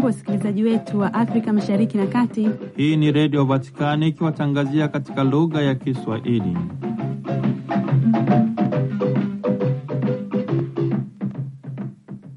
Hamjambo wasikilizaji wetu wa Afrika Mashariki na Kati. Hii ni Redio Vatikani ikiwatangazia katika lugha ya Kiswahili. Mm.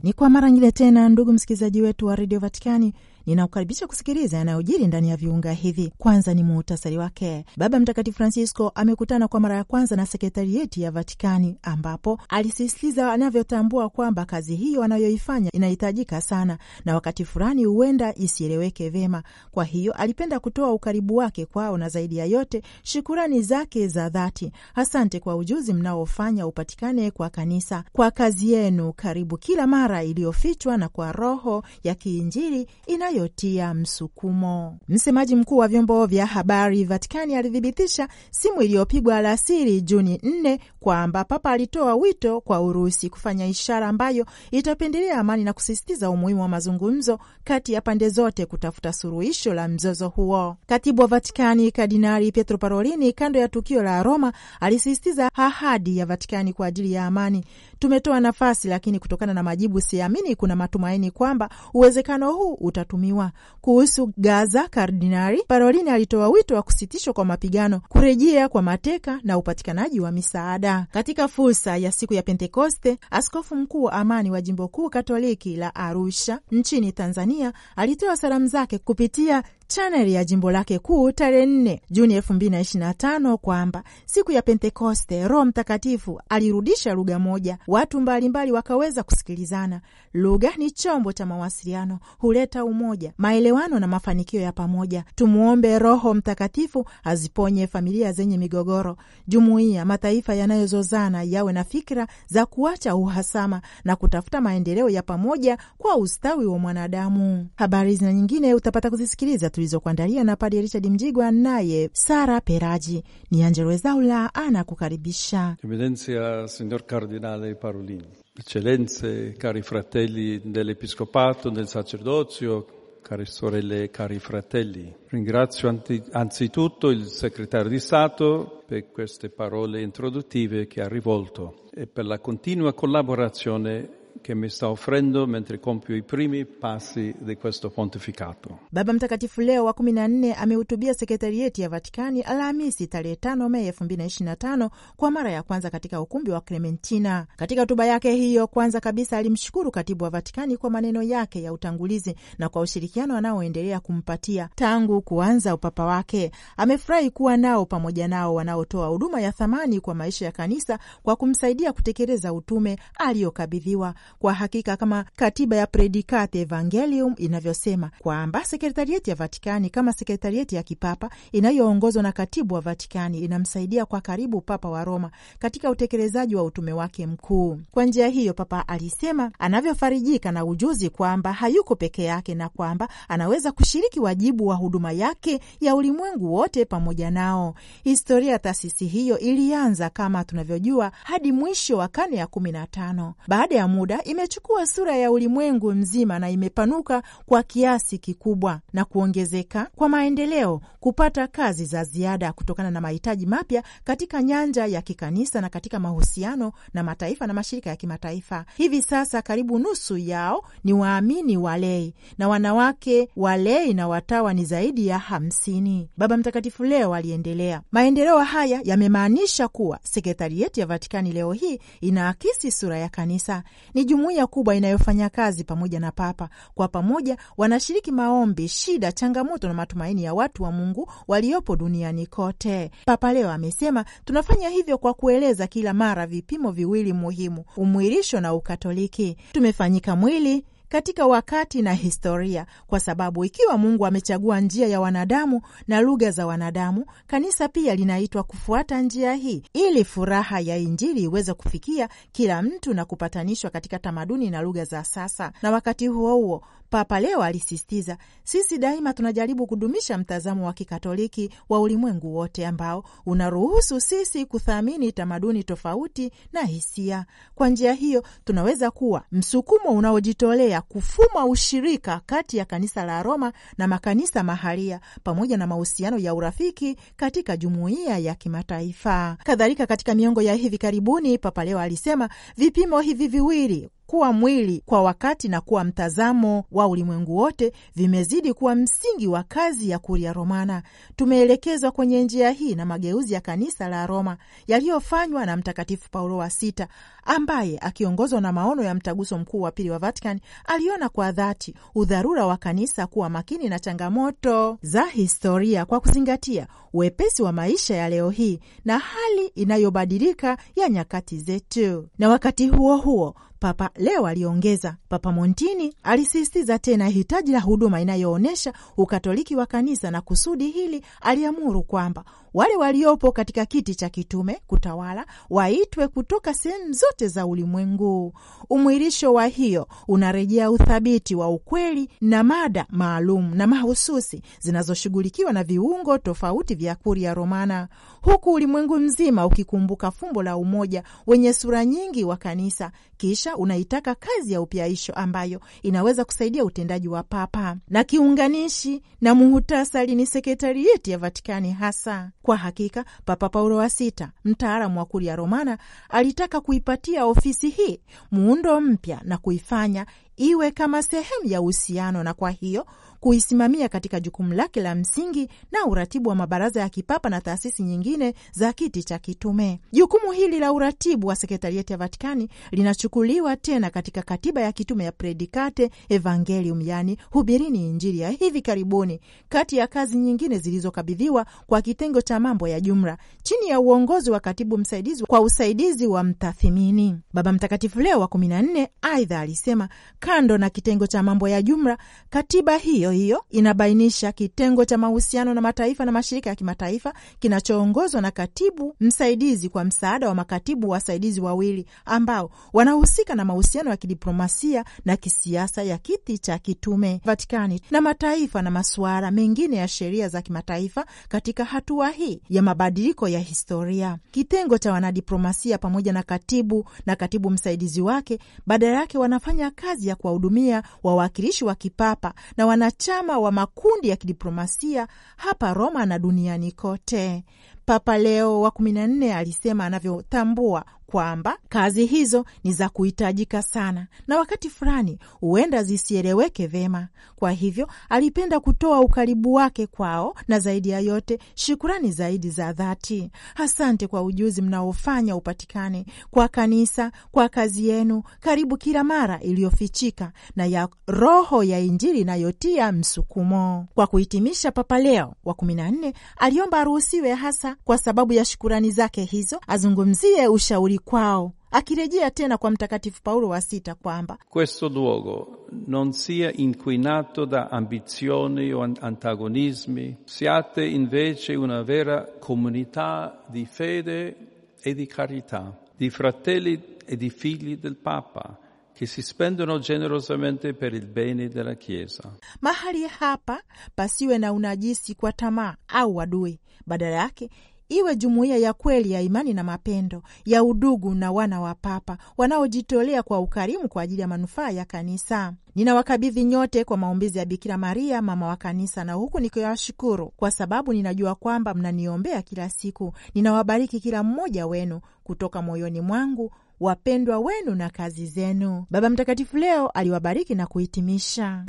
Ni kwa mara nyingine tena, ndugu msikilizaji wetu wa Redio Vatikani Ninakukaribisha kusikiliza yanayojiri ndani ya viunga hivi. Kwanza ni muhutasari wake. Baba Mtakatifu Francisco amekutana kwa mara ya kwanza na sekretarieti ya Vatikani, ambapo alisisitiza anavyotambua kwamba kazi hiyo anayoifanya inahitajika sana na wakati fulani huenda isieleweke vema. Kwa hiyo alipenda kutoa ukaribu wake kwao na zaidi ya yote shukurani zake za dhati: asante kwa ujuzi mnaofanya upatikane kwa kanisa, kwa kazi yenu karibu kila mara iliyofichwa na kwa roho ya kiinjili ina yanayotia msukumo. Msemaji mkuu wa vyombo vya habari Vatikani alithibitisha simu iliyopigwa alasiri Juni 4 kwamba Papa alitoa wito kwa Urusi kufanya ishara ambayo itapendelea amani na kusisitiza umuhimu wa mazungumzo kati ya pande zote kutafuta suluhisho la mzozo huo. Katibu wa Vatikani Kardinali Pietro Parolini, kando ya tukio la Roma, alisisitiza ahadi ya Vatikani kwa ajili ya amani Tumetoa nafasi, lakini kutokana na majibu siamini kuna matumaini kwamba uwezekano huu utatumiwa. Kuhusu Gaza, Kardinari Parolini alitoa wito wa kusitishwa kwa mapigano, kurejea kwa mateka na upatikanaji wa misaada. Katika fursa ya siku ya Pentekoste, askofu mkuu wa amani wa jimbo kuu katoliki la Arusha nchini Tanzania alitoa salamu zake kupitia chanel ya jimbo lake kuu tarehe 4 Juni 2025 kwamba siku ya Pentekoste Roho Mtakatifu alirudisha lugha moja, watu mbalimbali mbali wakaweza kusikilizana. Lugha ni chombo cha mawasiliano, huleta umoja, maelewano na mafanikio ya pamoja. Tumwombe Roho Mtakatifu aziponye familia zenye migogoro, jumuiya, mataifa yanayozozana yawe na fikira za kuacha uhasama na kutafuta maendeleo ya pamoja kwa ustawi wa mwanadamu. Habari zina nyingine utapata kuzisikiliza tu tulizokuandalia na Padi Richard Mjigwa, naye Sara Peraji. Ni Angelo Ezaula anakukaribisha. Eminenzia signor Cardinale Parolini, eccellenze, cari fratelli dell'Episcopato, del sacerdozio, care sorelle e cari fratelli. Ringrazio anti, anzitutto il segretario di Stato per queste parole introduttive che ha rivolto e per la continua collaborazione che mi sta offrendo mentre compio i primi passi di questo pontificato. Baba Mtakatifu Leo wa kumi na nne amehutubia sekretarieti ya Vatikani Alhamisi tarehe 5 Mei 2025 kwa mara ya kwanza katika ukumbi wa Clementina. Katika hotuba yake hiyo, kwanza kabisa alimshukuru katibu wa Vatikani kwa maneno yake ya utangulizi na kwa ushirikiano anaoendelea kumpatia tangu kuanza upapa wake. Amefurahi kuwa nao pamoja nao wanaotoa huduma ya thamani kwa maisha ya kanisa kwa kumsaidia kutekeleza utume aliyokabidhiwa kwa hakika kama katiba ya Predikate Evangelium inavyosema kwamba sekretarieti ya Vatikani kama sekretarieti ya kipapa inayoongozwa na katibu wa Vatikani inamsaidia kwa karibu Papa wa Roma katika utekelezaji wa utume wake mkuu. Kwa njia hiyo, Papa alisema anavyofarijika na ujuzi kwamba hayuko peke yake na kwamba anaweza kushiriki wajibu wa huduma yake ya ulimwengu wote pamoja nao. Historia ya taasisi hiyo ilianza kama tunavyojua hadi mwisho wa karne ya kumi na tano. Baada ya muda muda imechukua sura ya ulimwengu mzima na imepanuka kwa kiasi kikubwa na kuongezeka kwa maendeleo, kupata kazi za ziada kutokana na mahitaji mapya katika nyanja ya kikanisa na katika mahusiano na mataifa na mashirika ya kimataifa. Hivi sasa karibu nusu yao ni waamini walei na wanawake walei na watawa ni zaidi ya hamsini. Baba Mtakatifu leo aliendelea, maendeleo haya yamemaanisha kuwa sekretarieti ya Vatikani leo hii inaakisi sura ya kanisa ni ni jumuiya kubwa inayofanya kazi pamoja na Papa. Kwa pamoja wanashiriki maombi, shida, changamoto na matumaini ya watu wa Mungu waliopo duniani kote. Papa leo amesema tunafanya hivyo kwa kueleza kila mara vipimo viwili muhimu, umwilisho na Ukatoliki. Tumefanyika mwili katika wakati na historia, kwa sababu ikiwa Mungu amechagua njia ya wanadamu na lugha za wanadamu, kanisa pia linaitwa kufuata njia hii ili furaha ya Injili iweze kufikia kila mtu na kupatanishwa katika tamaduni na lugha za sasa, na wakati huo huo Papa leo alisisitiza, sisi daima tunajaribu kudumisha mtazamo wa Kikatoliki wa ulimwengu wote ambao unaruhusu sisi kuthamini tamaduni tofauti na hisia. Kwa njia hiyo, tunaweza kuwa msukumo unaojitolea kufuma ushirika kati ya kanisa la Roma na makanisa mahalia pamoja na mahusiano ya urafiki katika jumuiya ya kimataifa. Kadhalika, katika miongo ya hivi karibuni, Papa leo alisema vipimo hivi viwili kuwa mwili kwa wakati na kuwa mtazamo wa ulimwengu wote vimezidi kuwa msingi wa kazi ya Kuria Romana. Tumeelekezwa kwenye njia hii na mageuzi ya kanisa la Roma yaliyofanywa na Mtakatifu Paulo wa Sita, ambaye akiongozwa na maono ya mtaguso mkuu wa pili wa Vatican aliona kwa dhati udharura wa kanisa kuwa makini na changamoto za historia kwa kuzingatia uwepesi wa maisha ya leo hii na hali inayobadilika ya nyakati zetu, na wakati huo huo Papa leo aliongeza. Papa Montini alisisitiza tena hitaji la huduma inayoonyesha ukatoliki wa kanisa, na kusudi hili aliamuru kwamba wale waliopo katika kiti cha kitume kutawala waitwe kutoka sehemu zote za ulimwengu. Umwirisho wa hiyo unarejea uthabiti wa ukweli na mada maalum na mahususi zinazoshughulikiwa na viungo tofauti vya Kuria Romana, huku ulimwengu mzima ukikumbuka fumbo la umoja wenye sura nyingi wa kanisa. Kisha unaitaka kazi ya upyaisho ambayo inaweza kusaidia utendaji wa Papa na kiunganishi na muhutasari ni sekretarieti ya Vatikani hasa kwa hakika Papa Paulo wa Sita, mtaalamu wa Kuria Romana, alitaka kuipatia ofisi hii muundo mpya na kuifanya iwe kama sehemu ya uhusiano, na kwa hiyo kuisimamia katika jukumu lake la msingi na uratibu wa mabaraza ya kipapa na taasisi nyingine za kiti cha kitume. Jukumu hili la uratibu wa sekretarieti ya Vatikani linachukuliwa tena katika katiba ya kitume ya Predikate Evangelium, yaani hubirini Injili ya hivi karibuni, kati ya kazi nyingine zilizokabidhiwa kwa kitengo cha mambo ya jumla chini ya uongozi wa katibu msaidizi kwa usaidizi wa mtathimini. Baba Mtakatifu Leo wa kumi na nne aidha alisema, kando na kitengo cha mambo ya jumla, katiba hiyo hiyo inabainisha kitengo cha mahusiano na mataifa na mashirika ya kimataifa kinachoongozwa na katibu msaidizi kwa msaada wa makatibu wasaidizi wawili ambao wanahusika na mahusiano ya kidiplomasia na kisiasa ya kiti cha kitume Vatikani na mataifa na masuala mengine ya sheria za kimataifa katika hatua hii ya mabadiliko ya historia. Kitengo cha wanadiplomasia pamoja na katibu na katibu msaidizi wake badala yake wanafanya kazi ya kuwahudumia wawakilishi wa kipapa na wanach wanachama wa makundi ya kidiplomasia hapa Roma na duniani kote. Papa Leo wa kumi na nne alisema anavyotambua kwamba kazi hizo ni za kuhitajika sana na wakati fulani huenda zisieleweke vema. Kwa hivyo alipenda kutoa ukaribu wake kwao na zaidi ya yote shukurani zaidi za dhati. Asante kwa ujuzi mnaofanya upatikane kwa kanisa, kwa kazi yenu karibu kila mara iliyofichika na ya roho ya Injili inayotia msukumo. Kwa kuhitimisha, Papa Leo wa kumi na nne aliomba aruhusiwe hasa kwa sababu ya shukurani zake hizo, azungumzie ushauri kwao, akirejea tena kwa Mtakatifu Paulo wa Sita kwamba questo luogo non sia inquinato da ambizioni o antagonismi siate invece una vera comunità di fede e di carità di fratelli e di figli del Papa che si spendono generosamente per il bene della Chiesa. Mahali hapa pasiwe na unajisi kwa tamaa au wadui, badala yake iwe jumuiya ya kweli ya imani na mapendo ya udugu na wana wa Papa wanaojitolea kwa ukarimu kwa ajili ya manufaa ya Kanisa. Ninawakabidhi nyote kwa maombezi ya Bikira Maria, mama wa Kanisa, na huku nikiwashukuru kwa sababu ninajua kwamba mnaniombea kila siku. Ninawabariki kila mmoja wenu kutoka moyoni mwangu, wapendwa wenu na kazi zenu. Baba Mtakatifu leo aliwabariki na kuhitimisha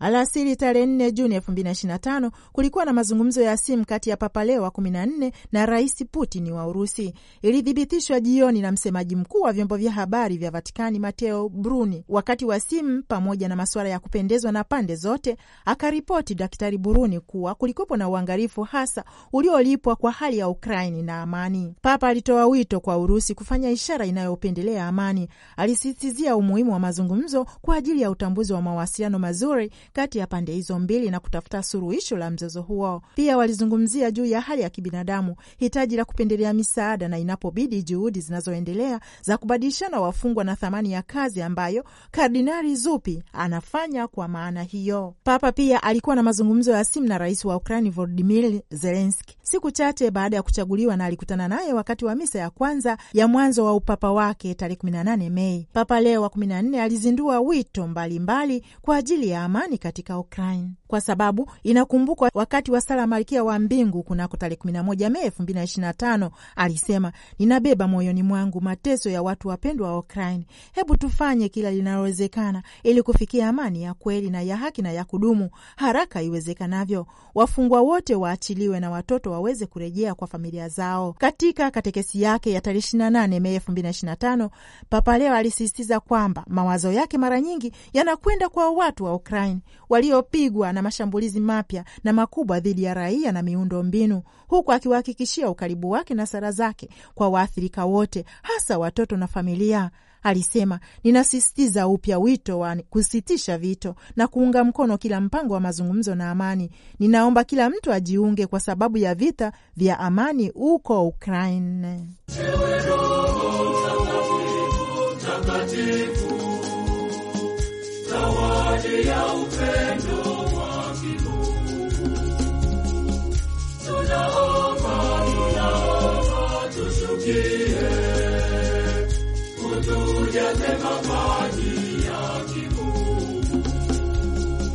Alasiri tarehe 4 Juni 2025 kulikuwa na mazungumzo ya simu kati ya Papa Leo wa 14 na Rais Putin wa Urusi. Ilithibitishwa jioni na msemaji mkuu wa vyombo vya habari vya Vatikani Mateo Bruni wakati wa simu, pamoja na masuala ya kupendezwa na pande zote, akaripoti Daktari Buruni kuwa kulikuwepo na uangalifu hasa uliolipwa kwa hali ya Ukraini na amani. Papa alitoa wito kwa Urusi kufanya ishara inayopendelea amani. Alisisitizia umuhimu wa mazungumzo kwa ajili ya utambuzi wa mawasiliano mazuri kati ya pande hizo mbili na kutafuta suluhisho la mzozo huo. Pia walizungumzia juu ya hali ya kibinadamu, hitaji la kupendelea misaada na inapobidi juhudi zinazoendelea za kubadilishana wafungwa na thamani ya kazi ambayo Kardinali Zuppi anafanya kwa maana hiyo. Papa pia alikuwa na mazungumzo ya simu na rais wa Ukraini Volodimir Zelenski siku chache baada ya kuchaguliwa, na alikutana naye wakati wa misa ya kwanza ya mwanzo wa upapa wake tarehe 18 Mei. Papa Leo wa 14 alizindua wito mbalimbali mbali kwa ajili ya amani amani katika Ukraine, kwa sababu inakumbukwa wakati wa sala Malkia wa Mbingu kunako tarehe 11 Mei 2025 alisema, ninabeba moyoni mwangu mateso ya watu wapendwa wa Ukraine. Hebu tufanye kila linalowezekana ili kufikia amani ya kweli na ya haki na ya kudumu haraka iwezekanavyo. Wafungwa wote waachiliwe na watoto waweze kurejea kwa familia zao. Katika katekesi yake ya tarehe 28 Mei 2025 Papa Leo alisisitiza kwamba mawazo yake mara nyingi yanakwenda kwa watu wa Ukraine waliopigwa na mashambulizi mapya na makubwa dhidi ya raia na miundo mbinu, huku akiwahakikishia ukaribu wake na sara zake kwa waathirika wote, hasa watoto na familia. Alisema, ninasisitiza upya wito wa kusitisha vito na kuunga mkono kila mpango wa mazungumzo na amani. Ninaomba kila mtu ajiunge kwa sababu ya vita vya amani huko Ukraine.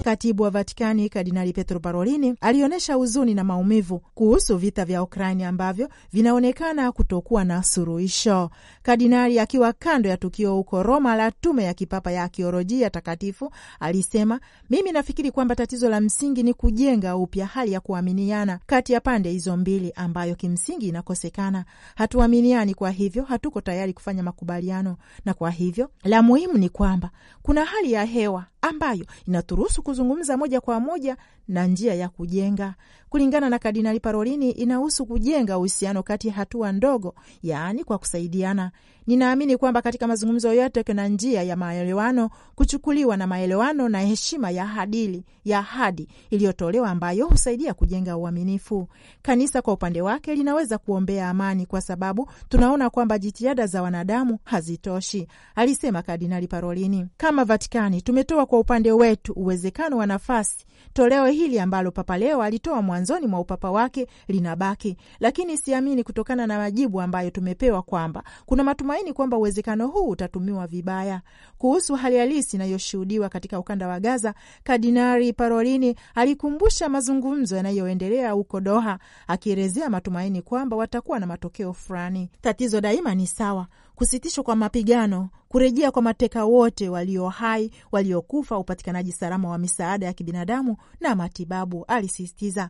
Katibu wa Vatikani Kardinali Petro Parolini alionyesha huzuni na maumivu kuhusu vita vya Ukraini ambavyo vinaonekana kutokuwa na suluhisho. Kardinali akiwa kando ya tukio huko Roma la tume ya kipapa ya akiolojia takatifu alisema, mimi nafikiri kwamba tatizo la msingi ni kujenga upya hali ya kuaminiana kati ya pande hizo mbili ambayo kimsingi inakosekana. Hatuaminiani, kwa hivyo hatuko tayari kufanya makubaliano, na kwa hivyo la muhimu ni kwamba kuna hali ya hewa ambayo inaturuhusu kuzungumza moja kwa moja na njia ya kujenga kulingana na Kardinali Parolini inahusu kujenga uhusiano kati ya hatua ndogo, yaani kwa kusaidiana. Ninaamini kwamba katika mazungumzo yote kuna njia ya maelewano kuchukuliwa na maelewano na heshima ya hadili ya ahadi iliyotolewa ambayo husaidia kujenga uaminifu. Kanisa kwa upande wake linaweza kuombea amani, kwa sababu tunaona kwamba jitihada za wanadamu hazitoshi, alisema Kardinali Parolini. Kama Vatikani tumetoa kwa upande wetu uwezekano wa nafasi toleo hili ambalo Papa Leo alitoa mwanzoni mwa upapa wake linabaki, lakini siamini kutokana na majibu ambayo tumepewa kwamba kuna matumaini kwamba uwezekano huu utatumiwa vibaya. Kuhusu hali halisi inayoshuhudiwa katika ukanda wa Gaza, Kardinari Parolini alikumbusha mazungumzo yanayoendelea huko Doha, akielezea matumaini kwamba watakuwa na matokeo fulani. Tatizo daima ni sawa kusitishwa kwa mapigano, kurejea kwa mateka wote walio hai, waliokufa, upatikanaji salama wa misaada ya kibinadamu na matibabu, alisisitiza.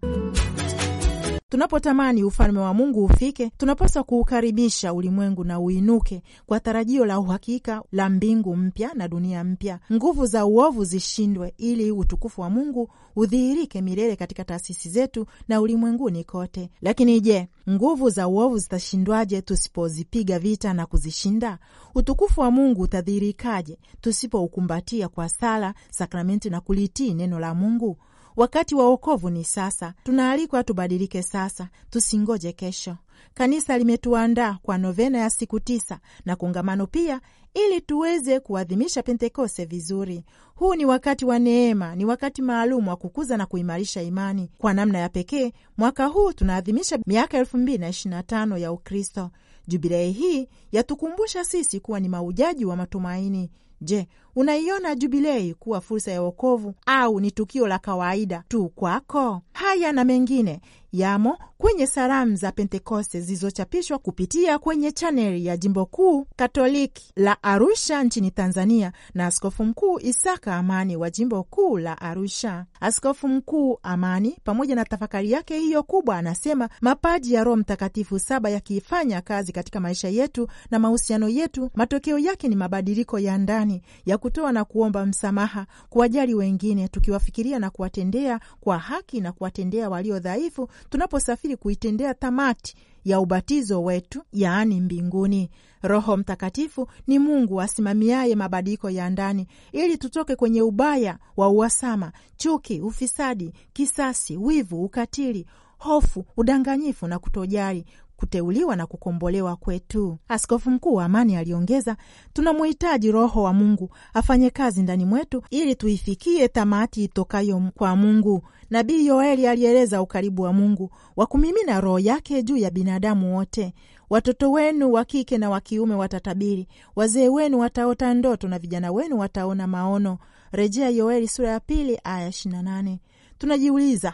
Tunapotamani ufalme wa Mungu ufike, tunapaswa kuukaribisha ulimwengu na uinuke kwa tarajio la uhakika la mbingu mpya na dunia mpya. Nguvu za uovu zishindwe, ili utukufu wa Mungu udhihirike milele katika taasisi zetu na ulimwenguni kote. Lakini je, nguvu za uovu zitashindwaje tusipozipiga vita na kuzishinda? Utukufu wa Mungu utadhihirikaje tusipoukumbatia kwa sala, sakramenti na kulitii neno la Mungu? Wakati wa wokovu ni sasa. Tunaalikwa tubadilike sasa, tusingoje kesho. Kanisa limetuandaa kwa novena ya siku tisa na kongamano pia, ili tuweze kuadhimisha Pentekoste vizuri. Huu ni wakati wa neema, ni wakati maalum wa kukuza na kuimarisha imani. Kwa namna ya pekee, mwaka huu tunaadhimisha miaka 225 ya Ukristo. Jubilei hii yatukumbusha sisi kuwa ni maujaji wa matumaini. Je, Unaiona Jubilei kuwa fursa ya wokovu au ni tukio la kawaida tu kwako? Haya na mengine yamo kwenye salamu za Pentekoste zilizochapishwa kupitia kwenye chaneli ya jimbo kuu Katoliki la Arusha nchini Tanzania na Askofu Mkuu Isaka Amani wa jimbo kuu la Arusha. Askofu Mkuu Amani, pamoja na tafakari yake hiyo kubwa, anasema mapaji ya Roho Mtakatifu saba yakiifanya kazi katika maisha yetu na mahusiano yetu, matokeo yake ni mabadiliko ya ndani ya kutoa na kuomba msamaha, kuwajali wengine, tukiwafikiria na kuwatendea kwa haki na kuwatendea walio dhaifu, tunaposafiri kuitendea tamati ya ubatizo wetu, yaani mbinguni. Roho Mtakatifu ni Mungu asimamiaye mabadiliko ya ndani ili tutoke kwenye ubaya wa uhasama, chuki, ufisadi, kisasi, wivu, ukatili, hofu, udanganyifu na kutojali kuteuliwa na kukombolewa kwetu. Askofu mkuu wa amani aliongeza, tunamhitaji Roho wa Mungu afanye kazi ndani mwetu ili tuifikie tamati itokayo kwa Mungu. Nabii Yoeli alieleza ukaribu wa Mungu wa kumimina Roho yake juu ya binadamu wote. Watoto wenu wa kike na wa kiume watatabiri, wazee wenu wataota ndoto na vijana wenu wataona maono. Rejea Yoeli sura ya pili aya 28. Tunajiuliza,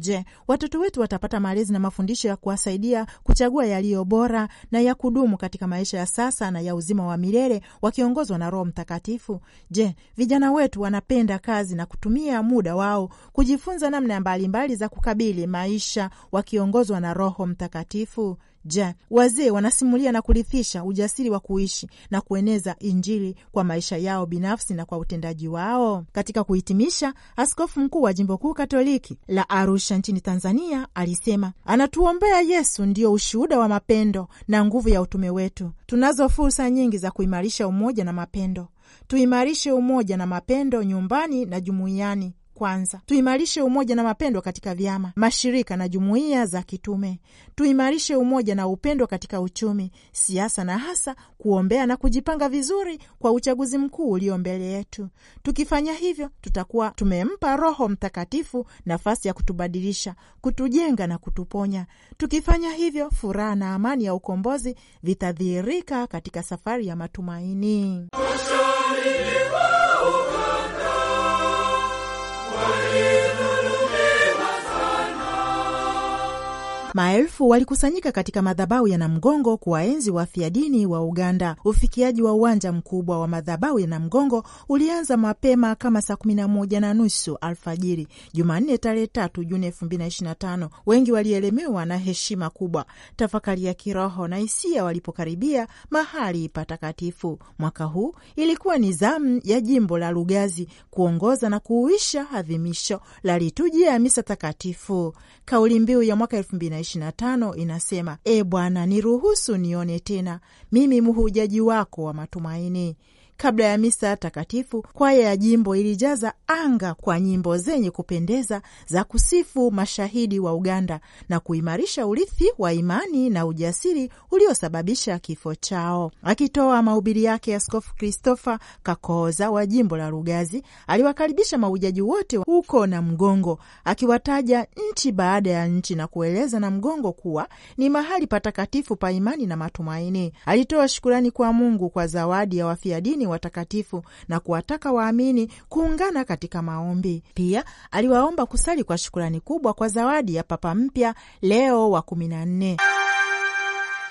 Je, watoto wetu watapata malezi na mafundisho ya kuwasaidia kuchagua yaliyo bora na ya kudumu katika maisha ya sasa na ya uzima wa milele wakiongozwa na Roho Mtakatifu? Je, vijana wetu wanapenda kazi na kutumia muda wao kujifunza namna mbalimbali za kukabili maisha wakiongozwa na Roho Mtakatifu? Je, wazee wanasimulia na kurithisha ujasiri wa kuishi na kueneza Injili kwa maisha yao binafsi na kwa utendaji wao. Katika kuhitimisha, askofu mkuu wa jimbo kuu katoliki la Arusha nchini Tanzania alisema, anatuombea Yesu ndiyo ushuhuda wa mapendo na nguvu ya utume wetu. Tunazo fursa nyingi za kuimarisha umoja na mapendo. Tuimarishe umoja na mapendo nyumbani na jumuiyani, kwanza tuimarishe umoja na mapendo katika vyama, mashirika na jumuiya za kitume. Tuimarishe umoja na upendo katika uchumi, siasa na hasa kuombea na kujipanga vizuri kwa uchaguzi mkuu ulio mbele yetu. Tukifanya hivyo, tutakuwa tumempa Roho Mtakatifu nafasi ya kutubadilisha, kutujenga na kutuponya. Tukifanya hivyo, furaha na amani ya ukombozi vitadhihirika katika safari ya matumaini. Maelfu walikusanyika katika madhabahu ya Namgongo kuwaenzi wafia dini wa Uganda. Ufikiaji wa uwanja mkubwa wa madhabahu ya Namgongo ulianza mapema kama saa kumi na moja na nusu alfajiri Jumanne tarehe tatu Juni elfu mbili na ishirini na tano. Wengi walielemewa na heshima kubwa, tafakari ya kiroho na hisia walipokaribia mahali patakatifu. Mwaka huu ilikuwa ni zamu ya jimbo la Lugazi kuongoza na kuuisha adhimisho la litujia ya misa takatifu. Kauli mbiu ya mwaka elfu mbili na 25 inasema: E Bwana, niruhusu nione tena mimi mhujaji wako wa matumaini, kabla ya misa takatifu, kwaya ya jimbo ilijaza anga kwa nyimbo zenye kupendeza za kusifu mashahidi wa Uganda na kuimarisha urithi wa imani na ujasiri uliosababisha kifo chao. Akitoa mahubiri yake, Askofu Christopher Kakoza wa jimbo la Rugazi aliwakaribisha maujaji wote huko na Mgongo, akiwataja nchi baada ya nchi na kueleza na Mgongo kuwa ni mahali patakatifu pa imani na matumaini. Alitoa shukurani kwa Mungu kwa zawadi ya wafia dini waamini watakatifu na kuwataka waamini kuungana katika maombi. Pia aliwaomba kusali kwa shukurani kubwa kwa zawadi ya Papa mpya Leo wa kumi na nne.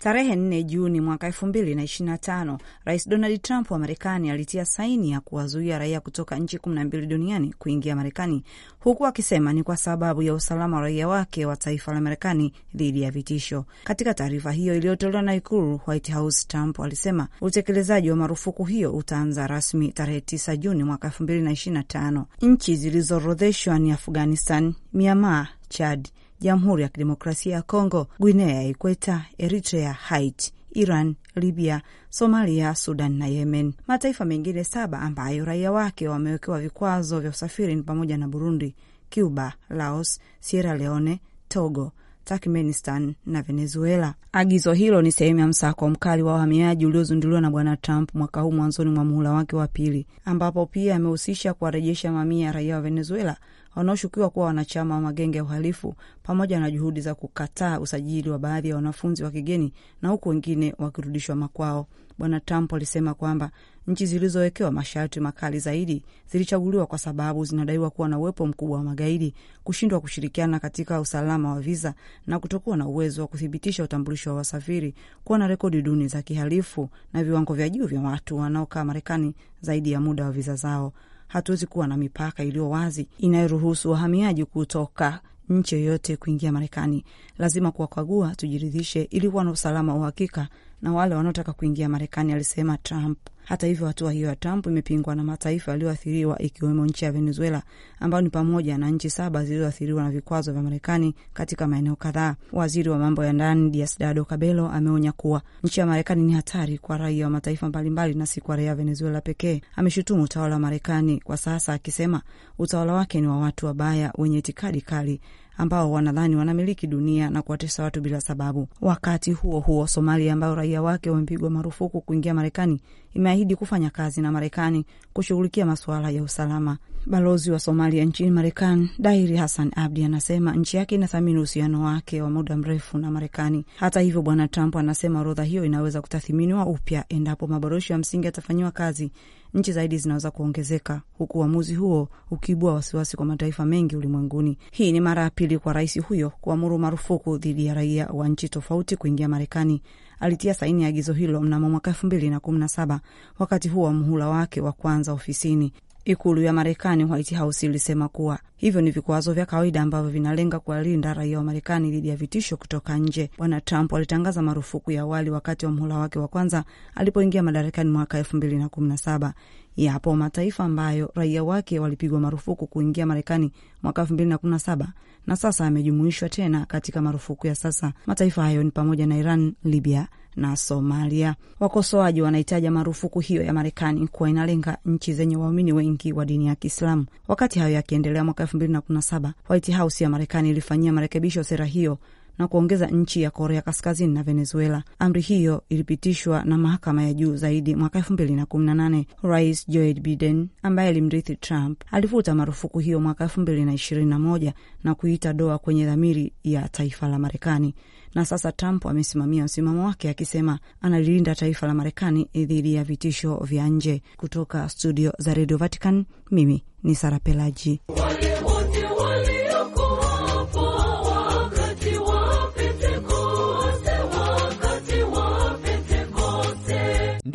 Tarehe nne Juni mwaka elfu mbili na na tano Rais Donald Trump wa Marekani alitia saini ya kuwazuia raia kutoka nchi kumi na mbili duniani kuingia Marekani, huku akisema ni kwa sababu ya usalama wa raia wake wa taifa la Marekani dhidi ya vitisho. Katika taarifa hiyo iliyotolewa na Ikulu White House, Trump alisema utekelezaji wa marufuku hiyo utaanza rasmi tarehe 9 Juni mwaka elfu mbili na na tano Nchi zilizoorodheshwa ni Afghanistan, Myanmar, Chad, Jamhuri ya Kidemokrasia ya Kongo, Guinea ya Ikweta, Eritrea, Haiti, Iran, Libya, Somalia, Sudan na Yemen. Mataifa mengine saba ambayo raia wake wamewekewa vikwazo vya usafiri ni pamoja na Burundi, Cuba, Laos, Sierra Leone, Togo, Turkmenistan na Venezuela. Agizo hilo ni sehemu ya msako mkali wa wahamiaji uliozinduliwa na Bwana Trump mwaka huu mwanzoni mwa muhula wake wa pili, ambapo pia amehusisha kuwarejesha mamia ya raia wa Venezuela wanaoshukiwa kuwa wanachama wa magenge ya uhalifu pamoja na juhudi za kukataa usajili wa baadhi ya wanafunzi wa kigeni na huku wengine wakirudishwa makwao. Bwana Trump alisema kwamba nchi zilizowekewa masharti makali zaidi zilichaguliwa kwa sababu zinadaiwa kuwa na uwepo mkubwa wa magaidi, kushindwa kushirikiana katika usalama wa viza na kutokuwa na uwezo wa kuthibitisha utambulisho wa wasafiri, kuwa na rekodi duni za kihalifu na viwango vya juu vya watu wanaokaa Marekani zaidi ya muda wa viza zao hatuwezi kuwa na mipaka iliyo wazi inayoruhusu wahamiaji kutoka nchi yoyote kuingia Marekani. Lazima kuwakagua tujiridhishe, ili kuwa na usalama wa uhakika na wale wanaotaka kuingia Marekani, alisema Trump. Hata hivyo, hatua hiyo ya Trump imepingwa na mataifa yaliyoathiriwa ikiwemo nchi ya Venezuela ambayo ni pamoja na nchi saba zilizoathiriwa na vikwazo vya Marekani katika maeneo kadhaa. Waziri wa mambo ya ndani Diosdado Cabello ameonya kuwa nchi ya Marekani ni hatari kwa raia wa mataifa mbalimbali na si kwa raia wa Venezuela pekee. Ameshutumu utawala wa Marekani kwa sasa akisema utawala wake ni wa watu wabaya wenye itikadi kali ambao wanadhani wanamiliki dunia na kuwatesa watu bila sababu. Wakati huo huo, Somalia ambayo raia wake wamepigwa marufuku kuingia Marekani imeahidi kufanya kazi na Marekani kushughulikia masuala ya usalama. Balozi wa Somalia nchini Marekani, Dairi Hassan Abdi, anasema nchi yake inathamini uhusiano wake wa muda mrefu na Marekani. Hata hivyo, Bwana Trump anasema orodha hiyo inaweza kutathiminiwa upya endapo maboresho ya msingi yatafanyiwa kazi. Nchi zaidi zinaweza kuongezeka, huku uamuzi huo ukiibua wasiwasi kwa mataifa mengi ulimwenguni. Hii ni mara ya pili kwa rais huyo kuamuru marufuku dhidi ya raia wa nchi tofauti kuingia Marekani alitia saini ya agizo hilo mnamo mwaka elfu mbili na kumi na saba wakati huo wa mhula wake wa kwanza ofisini. Ikulu ya Marekani, White House, ilisema kuwa hivyo ni vikwazo vya kawaida ambavyo vinalenga kuwalinda raia wa Marekani dhidi ya vitisho kutoka nje. Bwana Trump alitangaza marufuku ya awali wakati wa mhula wake wa kwanza alipoingia madarakani mwaka elfu mbili na kumi na saba. Yapo mataifa ambayo raia wake walipigwa marufuku kuingia Marekani mwaka elfu mbili na kumi na saba na sasa amejumuishwa tena katika marufuku ya sasa. Mataifa hayo ni pamoja na Iran, Libya, na Somalia. Wakosoaji wanahitaja marufuku hiyo ya Marekani kuwa inalenga nchi zenye waumini wengi wa dini ya Kiislamu. Wakati hayo yakiendelea, mwaka elfu mbili na kumi na saba White House ya Marekani ilifanyia marekebisho sera hiyo na kuongeza nchi ya Korea Kaskazini na Venezuela. Amri hiyo ilipitishwa na mahakama ya juu zaidi mwaka elfu mbili na kumi na nane. Rais Joe Biden ambaye alimrithi Trump alifuta marufuku hiyo mwaka elfu mbili na ishirini na moja na kuita doa kwenye dhamiri ya taifa la Marekani na sasa Trump amesimamia msimamo wake akisema analilinda taifa la Marekani dhidi ya vitisho vya nje. Kutoka studio za redio Vatican, mimi ni Sara Pelaji.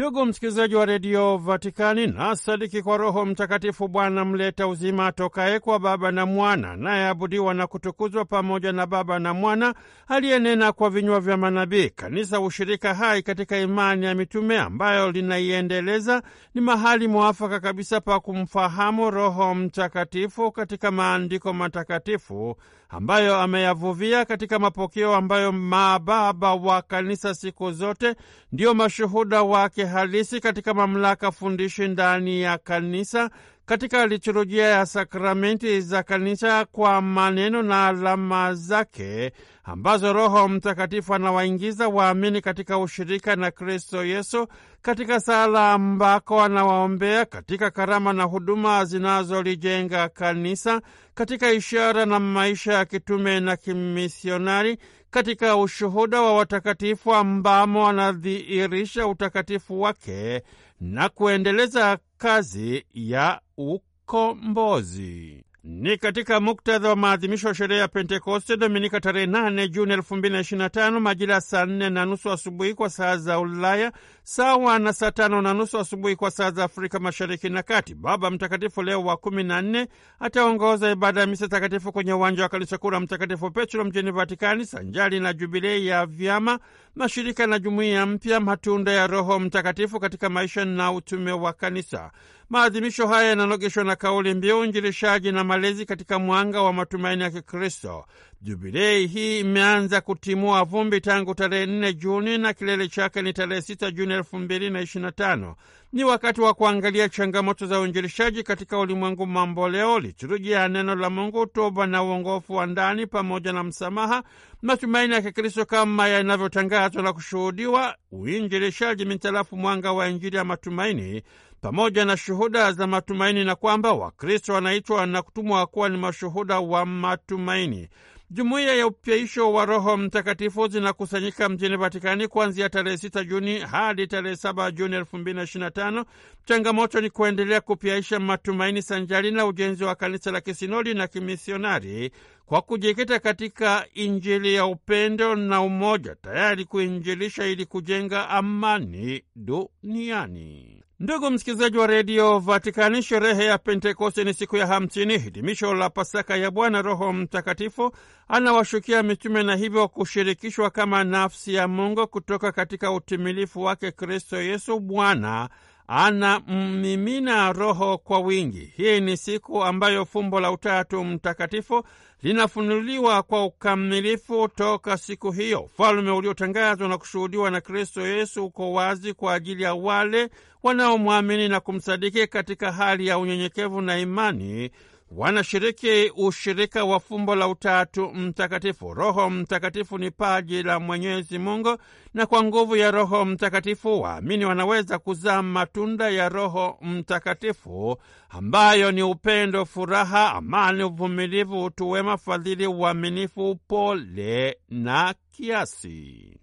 Ndugu msikilizaji wa redio Vatikani, na sadiki kwa Roho Mtakatifu Bwana mleta uzima atokaye kwa Baba na Mwana, nayeabudiwa na kutukuzwa pamoja na Baba na Mwana, aliyenena kwa vinywa vya manabii. Kanisa, ushirika hai katika imani ya mitume ambayo linaiendeleza, ni mahali mwafaka kabisa pa kumfahamu Roho Mtakatifu katika maandiko matakatifu ambayo ameyavuvia katika mapokeo ambayo mababa wa kanisa siku zote ndiyo mashuhuda wake halisi katika mamlaka fundishi ndani ya kanisa katika liturujia ya sakramenti za kanisa kwa maneno na alama zake ambazo Roho Mtakatifu anawaingiza waamini katika ushirika na Kristo Yesu, katika sala ambako anawaombea, katika karama na huduma zinazolijenga kanisa, katika ishara na maisha ya kitume na kimisionari, katika ushuhuda wa watakatifu ambamo anadhihirisha utakatifu wake na kuendeleza kazi ya ukombozi. Ni katika muktadha wa maadhimisho ya sherehe ya Pentekoste, Dominika tarehe 8 Juni tano majira saa nne na nusu asubuhi kwa saa za Ulaya, sawa na saa tano na nusu asubuhi kwa saa za Afrika Mashariki na Kati. Baba Mtakatifu Leo wa 14 ataongoza ibada ya misa takatifu kwenye uwanja wa kanisa kuu la Mtakatifu Petro mjini Vatikani, sanjali na jubilei ya vyama mashirika na jumuiya mpya, matunda ya Roho Mtakatifu katika maisha na utume wa Kanisa. Maadhimisho haya yananogeshwa na kauli mbiu, uinjilishaji na malezi katika mwanga wa matumaini ya Kikristo. Jubilei hii imeanza kutimua vumbi tangu tarehe nne Juni na kilele chake ni tarehe 6 Juni tano. Ni wakati wa kuangalia changamoto za uinjilishaji katika ulimwengu mamboleo, liturujia ya neno la Mungu, toba na uongofu wa ndani pamoja na msamaha, matumaini ya Kikristo kama yanavyotangazwa na kushuhudiwa, uinjilishaji mitarafu mwanga wa Injili ya matumaini pamoja na shuhuda za matumaini, na kwamba Wakristo wanaitwa na kutumwa kuwa ni mashuhuda wa matumaini. Jumuiya ya upyaisho wa Roho Mtakatifu zinakusanyika mjini Vatikani kuanzia tarehe 6 Juni hadi tarehe 7 Juni 2025. Changamoto ni kuendelea kupyaisha matumaini sanjari na ujenzi wa kanisa la kisinodi na kimisionari kwa kujikita katika Injili ya upendo na umoja, tayari kuinjilisha ili kujenga amani duniani. Ndugu msikilizaji wa redio Vatikani, sherehe ya Pentekoste ni siku ya hamsini, hitimisho la Pasaka ya Bwana. Roho Mtakatifu anawashukia mitume na hivyo kushirikishwa kama nafsi ya Mungu kutoka katika utimilifu wake Kristo Yesu Bwana anammimina Roho kwa wingi. Hii ni siku ambayo fumbo la Utatu Mtakatifu linafunuliwa kwa ukamilifu. Toka siku hiyo, ufalume uliotangazwa na kushuhudiwa na Kristo Yesu uko wazi kwa ajili ya wale wanaomwamini na kumsadiki katika hali ya unyenyekevu na imani wanashiriki ushirika wa fumbo la Utatu Mtakatifu. Roho Mtakatifu ni paji la Mwenyezi Mungu, na kwa nguvu ya Roho Mtakatifu waamini wanaweza kuzaa matunda ya Roho Mtakatifu ambayo ni upendo, furaha, amani, uvumilivu, utu wema, fadhili, uaminifu, pole na kiasi.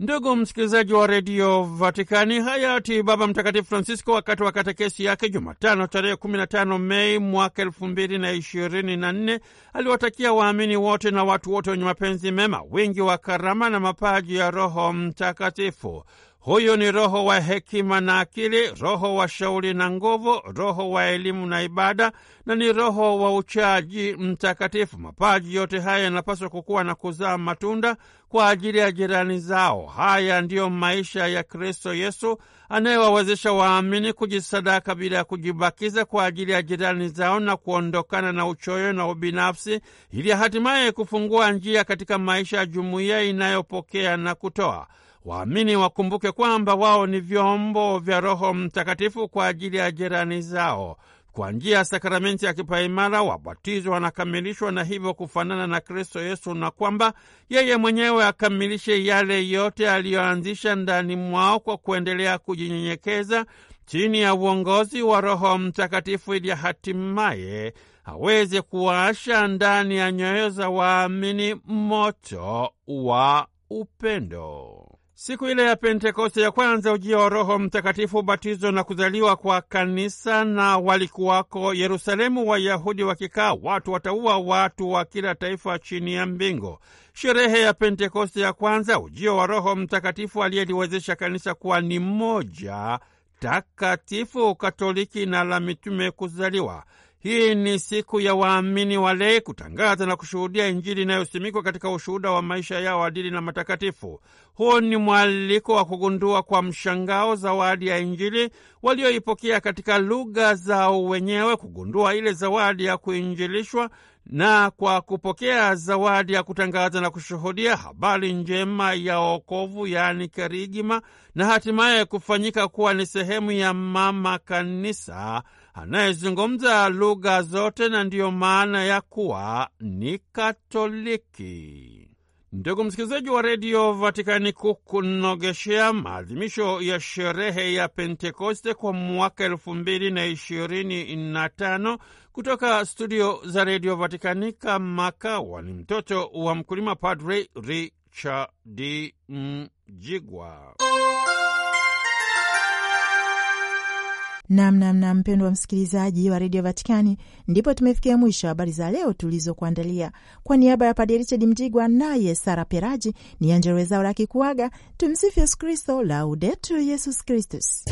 Ndugu msikilizaji wa redio Vatikani, hayati Baba Mtakatifu Francisco wakati wa katekesi yake Jumatano tarehe 15 Mei mwaka elfu mbili na ishirini na nne aliwatakia waamini wote na watu wote wenye mapenzi mema wingi wa karama na mapaji ya Roho Mtakatifu. Huyu ni Roho wa hekima na akili, Roho wa shauri na nguvu, Roho wa elimu na ibada, na ni Roho wa uchaji mtakatifu. Mapaji yote haya yanapaswa kukuwa na kuzaa matunda kwa ajili ya jirani zao. Haya ndiyo maisha ya Kristo Yesu anayewawezesha waamini kujisadaka bila ya kujibakiza kwa ajili ya jirani zao na kuondokana na uchoyo na ubinafsi, ili hatimaye kufungua njia katika maisha ya jumuiya inayopokea na kutoa. Waamini wakumbuke kwamba wao ni vyombo vya Roho Mtakatifu kwa ajili ya jirani zao. Kwa njia ya sakramenti ya kipaimara wabatizwa wanakamilishwa na hivyo kufanana na Kristo Yesu, na kwamba yeye mwenyewe akamilishe yale yote aliyoanzisha ndani mwao kwa kuendelea kujinyenyekeza chini ya uongozi wa Roho Mtakatifu ili hatimaye aweze kuwaasha ndani ya nyoyo za waamini moto wa upendo. Siku ile ya Pentekoste ya kwanza, ujio wa Roho Mtakatifu, ubatizo na kuzaliwa kwa kanisa. Na walikuwako Yerusalemu Wayahudi wakikaa, watu wataua watu wa kila taifa chini ya mbingo. Sherehe ya Pentekoste ya kwanza, ujio wa Roho Mtakatifu aliyeliwezesha kanisa kuwa ni mmoja takatifu, Katoliki na la mitume kuzaliwa. Hii ni siku ya waamini walei kutangaza na kushuhudia Injili inayosimikwa katika ushuhuda wa maisha yao adili na matakatifu. Huu ni mwaliko wa kugundua kwa mshangao zawadi ya Injili walioipokea katika lugha zao wenyewe, kugundua ile zawadi ya kuinjilishwa na kwa kupokea zawadi ya kutangaza na kushuhudia habari njema ya wokovu, yaani kerigima na hatimaye kufanyika kuwa ni sehemu ya mama kanisa anayezungumza lugha zote, na ndiyo maana ya kuwa ni Katoliki. Ndugu msikilizaji wa redio Vatikani, kukunogeshea maadhimisho ya sherehe ya Pentekoste kwa mwaka elfu mbili na ishirini na tano kutoka studio za redio Vatikani, kamakawa ni mtoto wa mkulima, Padre Richard Mjigwa. Namnamna wa msikilizaji wa redio Vatikani, ndipo tumefikia mwisho habari za leo tulizokuandalia. Kwa niaba ya Padre Richard Mjigwa naye Sara Peraji ni Anjerezao la kikuaga. Tumsifu Yesu Kristo, laudetu Yesus Kristus.